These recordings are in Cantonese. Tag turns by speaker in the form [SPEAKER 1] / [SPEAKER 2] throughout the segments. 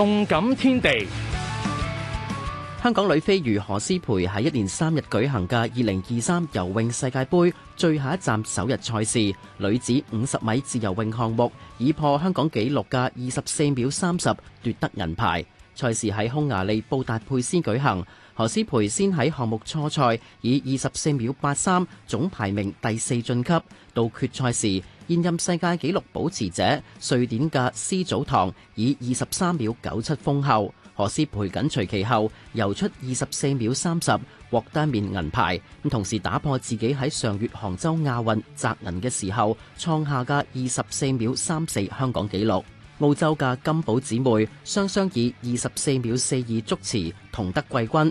[SPEAKER 1] 動感天地，香港女飛魚何詩蓓喺一連三日舉行嘅二零二三游泳世界杯最後一站首日賽事女子五十米自由泳項目，以破香港紀錄嘅二十四秒三十奪得銀牌。賽事喺匈牙利布達佩斯舉行。何詩蓓先喺項目初賽以二十四秒八三總排名第四晉級，到決賽時，現任世界紀錄保持者瑞典嘅施祖堂以二十三秒九七封后，何詩蓓緊隨其後游出二十四秒三十，獲單面銀牌，同時打破自己喺上月杭州亞運摘銀嘅時候創下嘅二十四秒三四香港紀錄。澳洲嘅金寶姊妹雙雙以二十四秒四二足持，同得季軍。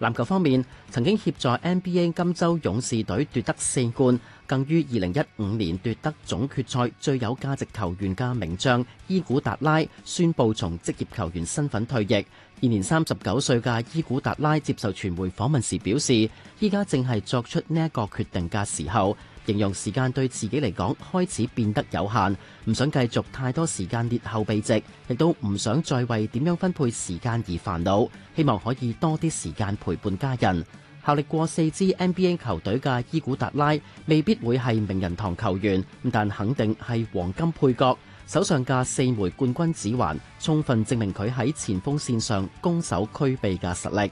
[SPEAKER 1] 籃球方面，曾經協助 NBA 金州勇士隊奪得四冠，更於二零一五年奪得總決賽最有價值球員嘅名將伊古達拉宣布從職業球員身份退役。現年三十九歲嘅伊古達拉接受傳媒訪問時表示，依家正係作出呢一個決定嘅時候。形容時間對自己嚟講開始變得有限，唔想繼續太多時間列後備席，亦都唔想再為點樣分配時間而煩惱，希望可以多啲時間陪伴家人。效力過四支 NBA 球隊嘅伊古達拉，未必會係名人堂球員，但肯定係黃金配角。手上嘅四枚冠軍指環，充分證明佢喺前鋒線上攻守俱備嘅實力。